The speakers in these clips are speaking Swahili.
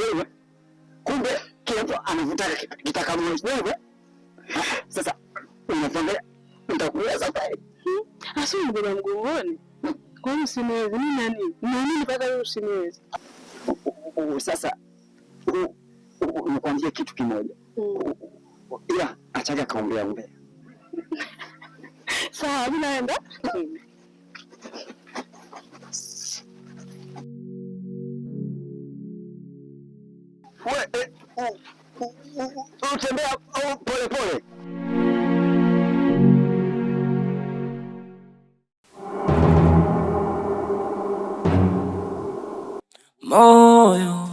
wewe, kumbe kila mtu anavutaka kitakamoe wewe. Sasa unafangalia nitakuwa sasa asili bila mgongoni kwa hiyo usimwezi mimi nani na nini mpaka hiyo usimwezi. Sasa nikuambia kitu kimoja, ila mm. achaga kaombea ombea. Sawa, mimi naenda. Mm. E, utembea polepole. Moyo,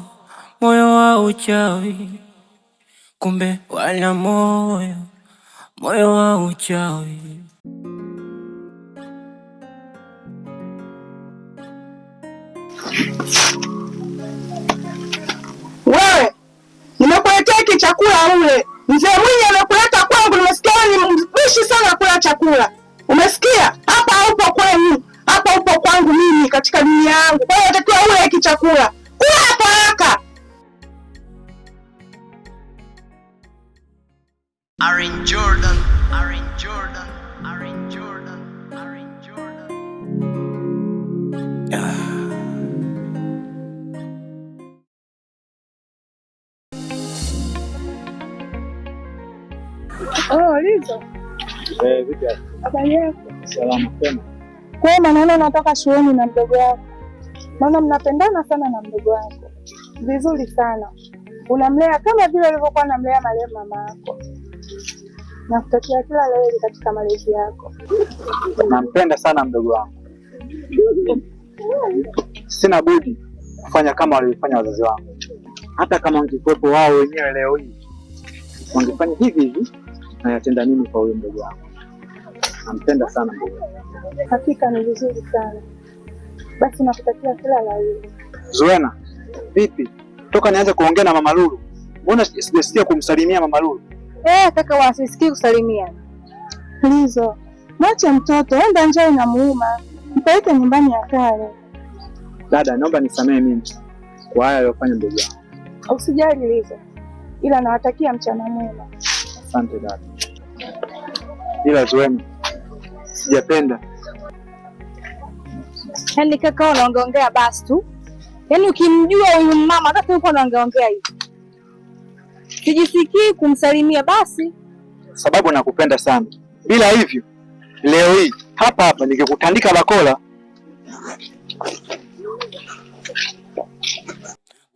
moyo wa uchawi, kumbe wana moyo, moyo wa uchawi. ule. Mzee Mwinyi amekuleta kwangu, nimesikia wewe ni mbishi sana kula chakula. Umesikia? Hapa upo kwenu, hapa upo kwangu mimi katika dunia yangu. Kwa hiyo unatakiwa ule hiki chakula. kuelewa mapema. Kwa hiyo maneno natoka shuleni na mdogo wako, maana mnapendana sana na mdogo wako vizuri sana, unamlea kama vile ulivyokuwa namlea malezi mama yako. Nakutakia kila laheri katika malezi yako. Nampenda sana mdogo wangu, sina budi kufanya kama walivyofanya wazazi wangu. Hata kama wangekuwepo wao wenyewe leo hii wangefanya hivi hivi, nayatenda mimi kwa huyo mdogo wangu nampenda sana mdogo. Hakika ni vizuri sana basi, nakutakia kila la heri. Zuena, vipi? Toka nianze kuongea na mama Lulu, mbona sijasikia kumsalimia mama Lulu? Eh, kaka wasisikii kusalimia. Lizo, mwache mtoto, enda njaa inamuuma, mpeleke nyumbani ya kale. Dada, naomba nisamehe mimi kwa haya aliyofanya mdogo wangu. Usijali Lizo, ila nawatakia mchana mwema. Asante dada. Ila Zuena sijapenda. Yaani kaka, unaongeongea basi tu, yaani ukimjua huyu mama hata uko unaongeongea hivi, sijisikii kumsalimia basi, sababu nakupenda sana. Bila hivyo leo hii hapa hapa nikikutandika bakola.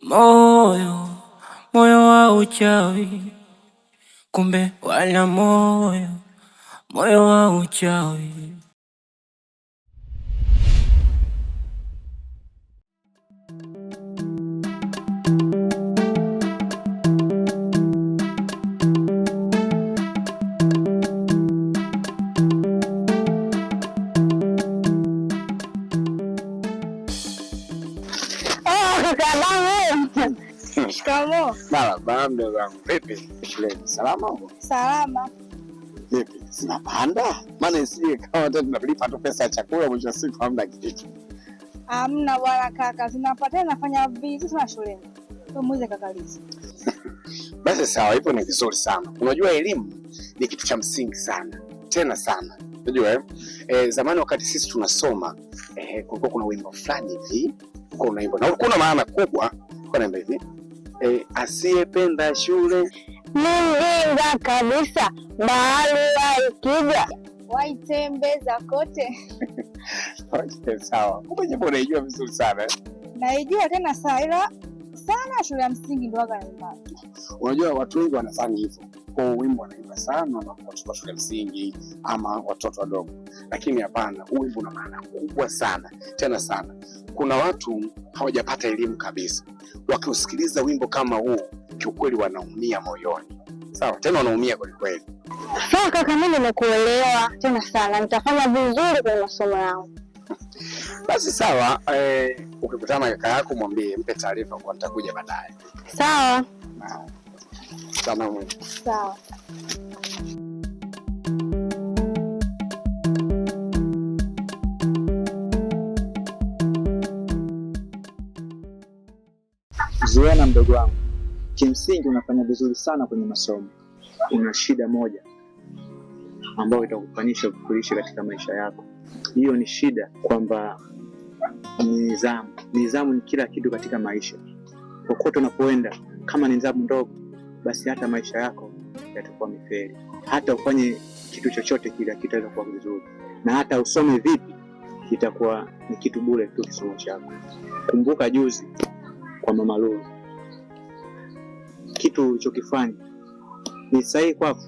Moyo moyo wa uchawi, kumbe wala moyo moyo wa uchawi. Shikamoo. Baba, mdogo wangu, vipi? Shuleni salama? Salama. Vipi? zinapanda? Maana isije kama tunalipa tu pesa ya chakula, mwisho wa siku hamna kitu. Hamna bwana kaka, zinapata. nafanya vizuri sana shuleni. Muuze kakalizi. Basi sawa, hivyo ni vizuri sana. Unajua elimu ni kitu cha msingi sana tena sana. Unajua eh, eh zamani wakati sisi tunasoma eh, kulikuwa kuna wimbo fulani hivi, kulikuwa unaimba na ulikuwa na maana kubwa, kulikuwa naimba hivi eh, asiyependa shule mjinga kabisa, barua ikija waitembeza kote. Sawa, kumbe jambo unaijua vizuri sana. Eh. Naijua tena saa ila sana shule ya msingi ndo waga nyumbani. Unajua watu wengi wanafanya hivyo, kwa wimbo wanaimba sana watoto shule ya msingi ama watoto wadogo, lakini hapana, wimbo una maana kubwa sana tena sana. Kuna watu hawajapata elimu kabisa, wakiusikiliza wimbo kama huu, kiukweli wanaumia moyoni, sawa, tena wanaumia kwelikweli. Sawa kaka, mimi nimekuelewa tena sana, nitafanya vizuri kwenye masomo yangu. Basi sawa, eh, ukikutana na kaka yako mwambie, mpe taarifa kwa nitakuja baadaye. Sawa. Sana mwe. Sawa. Zuena, mdogo wangu, kimsingi unafanya vizuri sana kwenye masomo. Una shida moja ambayo itakufanisha kukurishi katika maisha yako hiyo ni shida, kwamba nizamu Nizamu ni kila kitu katika maisha. Kokote unapoenda, kama ni nidhamu ndogo, basi hata maisha yako yatakuwa miferi. Hata ufanye kitu chochote kile kuwa vizuri, na hata usome vipi, kitakuwa ni kitu bure tu kisomo chako. Kumbuka juzi kwa Mama Lulu, kitu ulichokifanya ni sahihi kwako.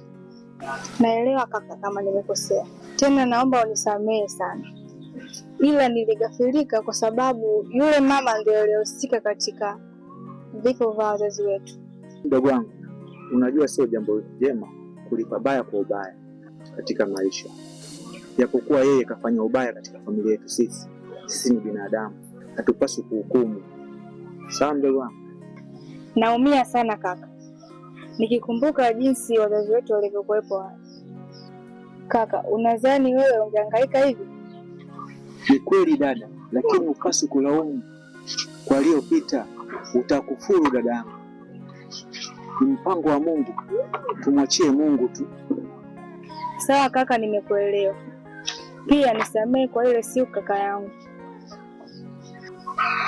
Naelewa kaka, kama nimekosea tena naomba unisamehe sana, ila niligafirika kwa sababu yule mama ndio alihusika katika vifo vya wazazi wetu. Mdogo wangu, unajua sio jambo jema kulipa baya kwa ubaya katika maisha, japokuwa yeye kafanya ubaya katika familia yetu. Sisi sisi ni binadamu, hatupaswi kuhukumu. Sawa mdogo wangu? Naumia sana kaka, nikikumbuka jinsi wazazi wetu walivyokuwepo Kaka, unadhani wewe ungehangaika hivi? Ni kweli dada, lakini upasi kulaumu kwa aliyopita, utakufuru dada yangu. Ni mpango wa Mungu, tumwachie Mungu tu. Sawa kaka, nimekuelewa. Pia nisamehe kwa ile siku kaka yangu.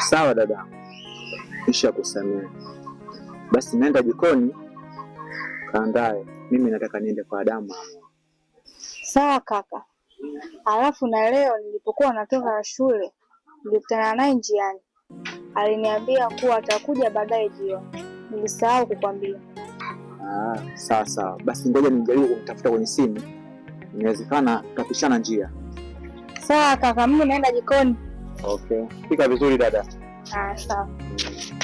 Sawa dada, kisha kusamehe. Basi naenda jikoni kaandae, mimi nataka niende kwa Adamu. Sawa kaka. Alafu na leo nilipokuwa natoka shule nilikutana naye njiani, aliniambia kuwa atakuja baadaye jioni. Nilisahau kukwambia. Ah, sawa sawa, basi ngoja nijaribu kumtafuta kwenye simu, inawezekana tutapishana njia. Sawa kaka, mimi naenda jikoni. Okay, pika vizuri dada. Ah, sawa. Mm.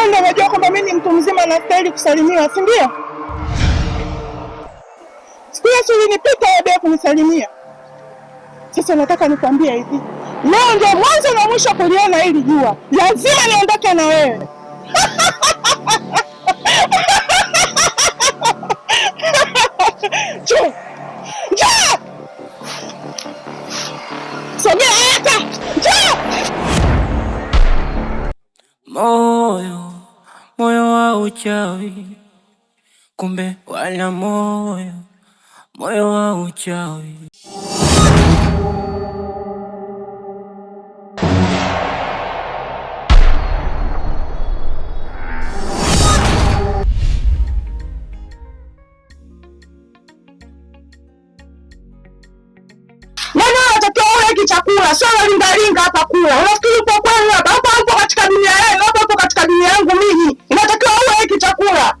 wewe ndio unajua kwamba mimi ni mtu mzima nastahili kusalimiwa, si ndio? Siku hiyo ulinipita bila kunisalimia. Sasa nataka nikwambie hivi, leo ndio mwanzo na mwisho kuliona hili jua, lazima niondoke na wewe moyo moyo wa uchawi, kumbe wana moyo moyo wa uchawi. Mwana watoto ule kichakula, sio lingalinga hapa kula. Unafikiri uko kwani hapa? hapa hapo katika dunia yangu mimi, inatakiwa uwe hiki chakula.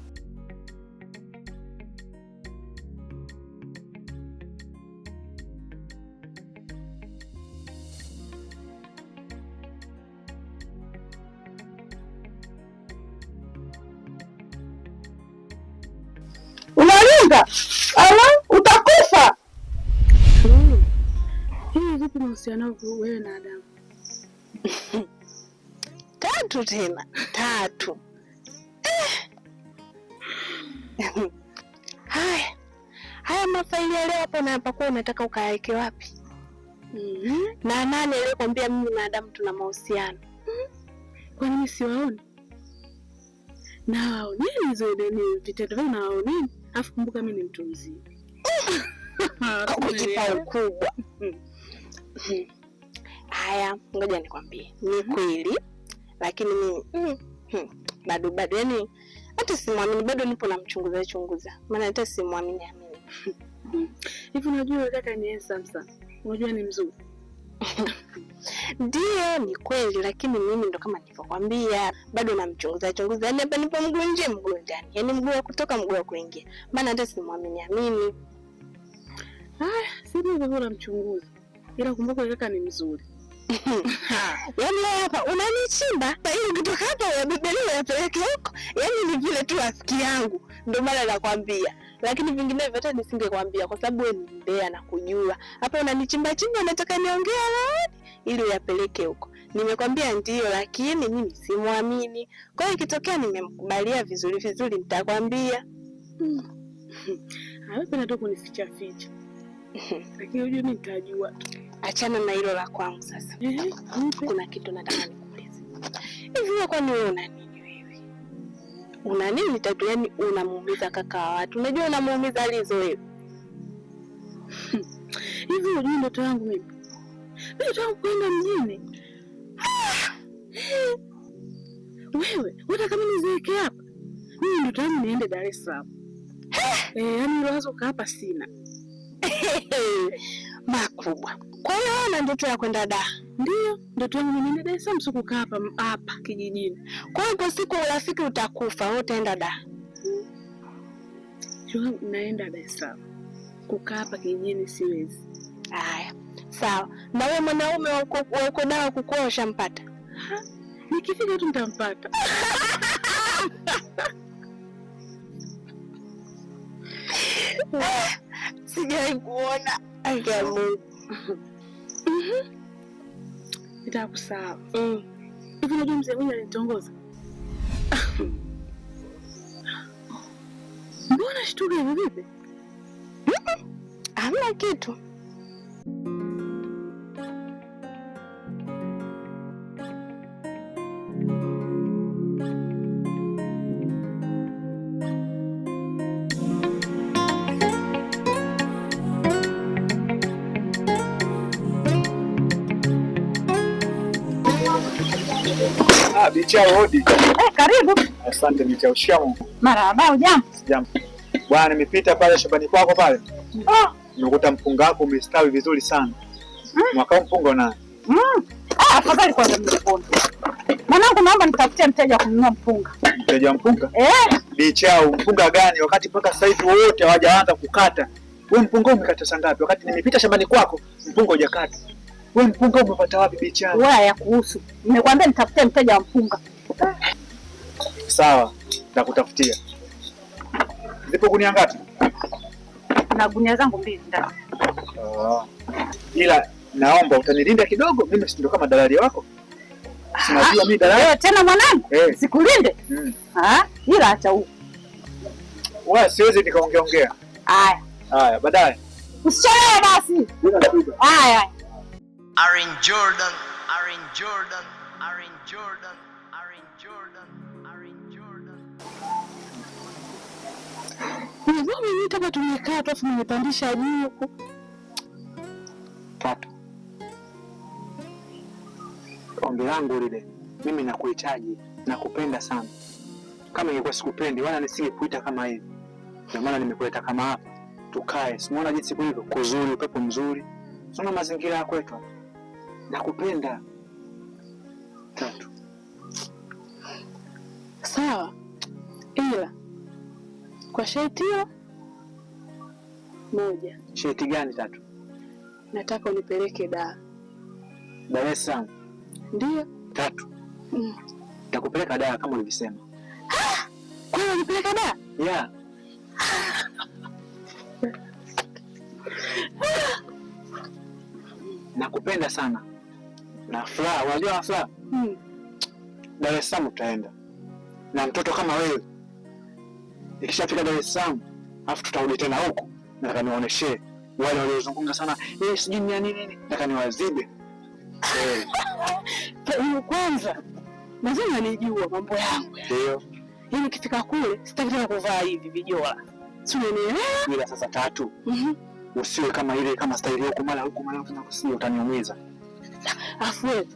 Unalinga ala, utakufa. Hmm. Hii vipi mahusiano wewe na Adamu? Tatu tena kwa unataka ukaweke wapi? mm -hmm. na nani aliyekwambia mimi na Adamu tuna mahusiano? mm -hmm. kwa nini siwaoni? nawaoneni zeni vitendo vyao nawaoneni, alafu kumbuka mimi ni mtu mzima kubwa. Mhm. Haya, ngoja nikwambie, ni mhm. kweli lakini mimi mhm. hmm. bado bado, yani hata simwamini bado, nipo namchunguza chunguza, maana hata simwamini amini Hivi unajua kaka ni handsome sana. Unajua ni mzuri. ndio ni kweli, lakini mimi ndo kama nilivyokwambia, bado namchunguza chunguza. yani hapa nipo mguu nje, mguu ndani, yani mguu wa kutoka, mguu wa kuingia, maana hata simwamini amini. Ah, si hivyo, namchunguza, ila kumbuka kaka ni mzuri. Yaani hapa unanichimba hiyo ukitoka hapa ya uyabebelewe yapeleke huko, yani ni vile tu rafiki yangu, ndo maana nakwambia lakini vinginevyo vyote nisingekwambia kwa sababu wewe ni mbea na kujua. Hapa unanichimba chimba, unataka niongee laani ili uyapeleke huko. Nimekwambia ndio, lakini mimi simwamini. Kwa hiyo ikitokea nimemkubalia vizuri vizuri, nitakwambia hmm. tu kunificha ficha. Lakini unajua mimi nitajua. Achana na hilo la kwangu sasa. Kuna kitu nataka nikuulize. Hivi kwa nini wewe unani una nini tatu? Yani unamuumiza kaka wa watu, unajua unamuumiza alizo wewe. Hivi hujui ndoto yangu mimi, ndoto yangu kwenda mjini. Wewe hata kama nizeeke hapa? Mimi ndoto yangu niende Dar es Salaam. Eh, yani wazo hapa sina makubwa. Kwa hiyo ana ndoto ya kwenda Dar ndio ndoto yangu mimi ni Dar es Salaam, hapa hapa kijijini. Kwa hiyo siku urafiki utakufa, wewe utaenda da. Jo, naenda Dar es Salaam. Kukaa hapa kijijini siwezi. Haya, sawa. Na wewe mwanaume wa uko dawa kukuoa ushampata? Nikifika tu nitampata. Eh, sijai kuona. Ajabu nitakusahau mm. hivi. Unajua mzee mwenye alinitongoza mbona shtuka hivi vipi? Hamna kitu Bichao hodi. Eh, karibu. Asante Bichao. Shikamoo. Marhaba, hujambo? Sijambo. Bwana, nimepita pale shambani kwako pale. Oh. Nimekuta mpunga wako umestawi vizuri sana. Mm. Mwaka huu mpunga una? Mm. Ah, afadhali kwanza mpunga. Mwanangu, naomba nitafutie mteja kununua mpunga. Mteja mpunga? Eh. Bichao, mpunga gani wakati mpaka sasa hivi wote hawajaanza kukata? Wewe mpunga umekata saa Wakati nimepita shambani kwako mpunga hujakata. Wewe mpunga umepata wapi bichana? Wala ya kuhusu. Nimekwambia nitafutie mteja wa mpunga. Sawa, nitakutafutia. Zipo gunia ngapi? Na gunia zangu mbili ndani. Ah. Ila naomba utanilinda kidogo, mimi sindo kama dalali wako. Sinajua mimi dalali. Wewe eh, tena mwanangu? Hey. Eh. Sikulinde. Mm. ila acha huko. Wewe siwezi nikaongeongea. Haya. Haya, baadaye. Usichelewe basi. Haya are in Jordan, are in Jordan, are in Jordan, are in Jordan, are in Jordan. Mimi kama tumekaa tu afu nimepandisha juu huko. Tatu. Ombi langu lile, mimi nakuhitaji, nakupenda sana. Kama ingekuwa sikupendi wala nisingekuita kama hivi. Ndio maana nimekuleta kama hapa. Tukae, simuona jinsi kulivyo kuzuri, upepo mzuri. Sio mazingira ya kwetu nakupenda. Tatu. Sawa, ila kwa sharti hilo moja. Sharti gani? Tatu. Nataka unipeleke da Dar es Salaam. Ndio. Tatu. Mm. Nakupeleka da kama ulivyosema. Kwa hiyo unipeleka da? Yeah. Nakupenda sana na furaha. Unajua furaha, hmm. Dar es Salaam tutaenda na mtoto kama wewe. Ikishafika Dar es Salaam afu tutarudi tena huko, nataka nionyeshe wale waliozungumza sana eh, sijui ni nini nataka niwazibe eh. hiyo kwanza. Lazima nijua mambo yangu, ndio yaani ikifika kule sitaki tena kuvaa hivi vijola, si unanielewa? Ila sasa tatu, mm -hmm. usiwe kama ile kama staili huko, mara huko mara huko, utaniumiza afu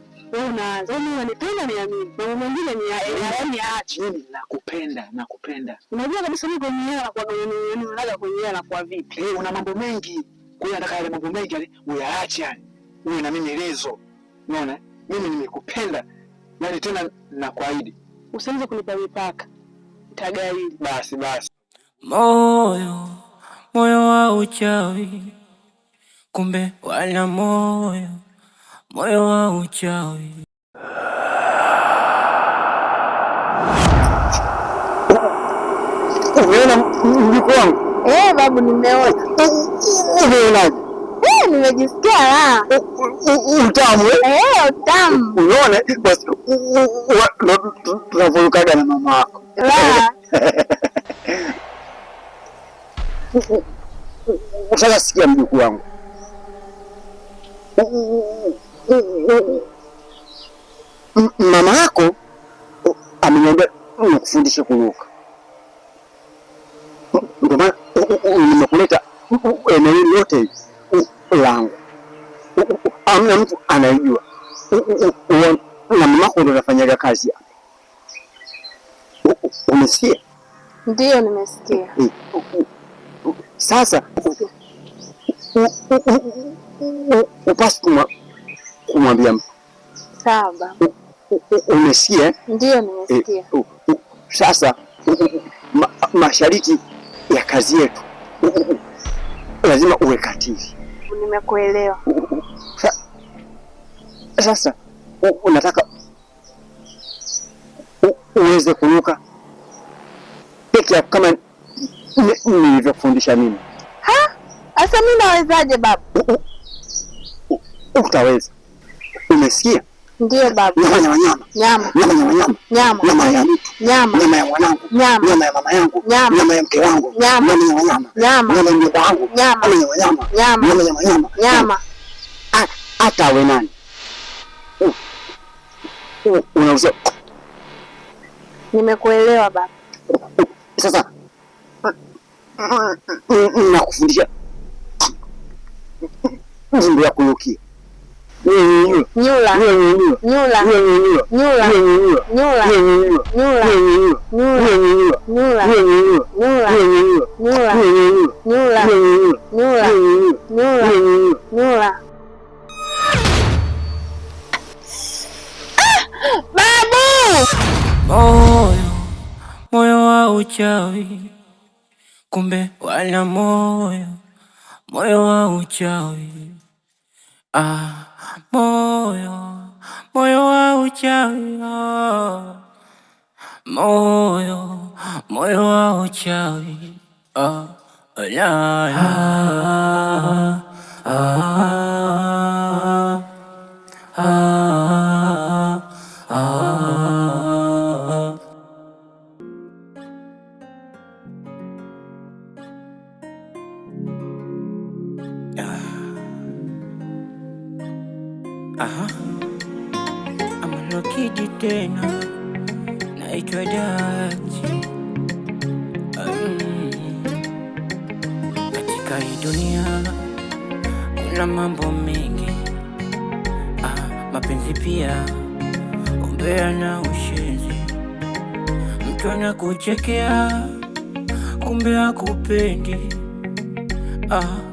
unaanza unanipenda niamini, mambo mengine ni yaache. Mimi nakupenda, nakupenda. Unajua kabisa mimi kwenye hela kwa nini nalaga kwenye hela kwa vipi? Eh, una mambo mengi, kwa hiyo nataka yale mambo mengi yale uyaache, yani uwe na mimi lezo. Unaona mimi nimekupenda, yani tena nakuahidi usianze kunipa mipaka, tagaili basi basi. Moyo moyo wa uchawi, kumbe wala moyo moyo wa uchawi. Umeona mjukuu wangu? Eh, babu, nimeona. Umeonaje? Eh, nimejisikia raha. Utamu? Eh? eh, utamu. Unaona, basi tunavurukaga na mama yako. Sasa mjukuu wangu mama yako ameniambia nikufundishe kuruka, ndio maana nimekuleta eneo hili lote langu, amna mtu anaijua na mamako ndio anafanyaga kazi hapa. Umesikia? Ndio, nimesikia. Sasa upasi kumwambia saba. Umesikia? Ndio, nimesikia. Eh, sasa mashariki ya kazi yetu lazima uwe katili. Nimekuelewa. Sasa unataka uweze kunuka peke yako kama nilivyokufundisha mimi. Sasa mimi nawezaje baba? Utaweza. Umesikia? Ndio baba Nyama ya wanyama. Nyama. Nyama ya wanyama. Nyama. Nyama ya mtu. Nyama. Nyama ya mwanangu. Nyama. Nyama ya mama yangu. Nyama. Nyama ya mke wangu. Nyama. Nyama ya wanyama. Nyama. Nyama ya mjomba wangu. Nyama. Nyama ya wanyama. Nyama. Nyama ya wanyama. Nyama. Hata awe nani? Unauza. Nimekuelewa baba. Sasa nakufundisha. Mzungu ya kuyukia. Babu, moyo wa uchawi, kumbe wana moyo, moyo wa uchawi. Ah, moyo, moyo wa uchawi, oh. moyo, moyo wa uchawi oh, ah, ah, ah Aha. Ama no kidi tena naitwa Dachi. Mm. Katika hii dunia kuna mambo mengi ah, mapenzi pia umbea na ushenzi. Mtu anakuchekea kumbe akupendi ah.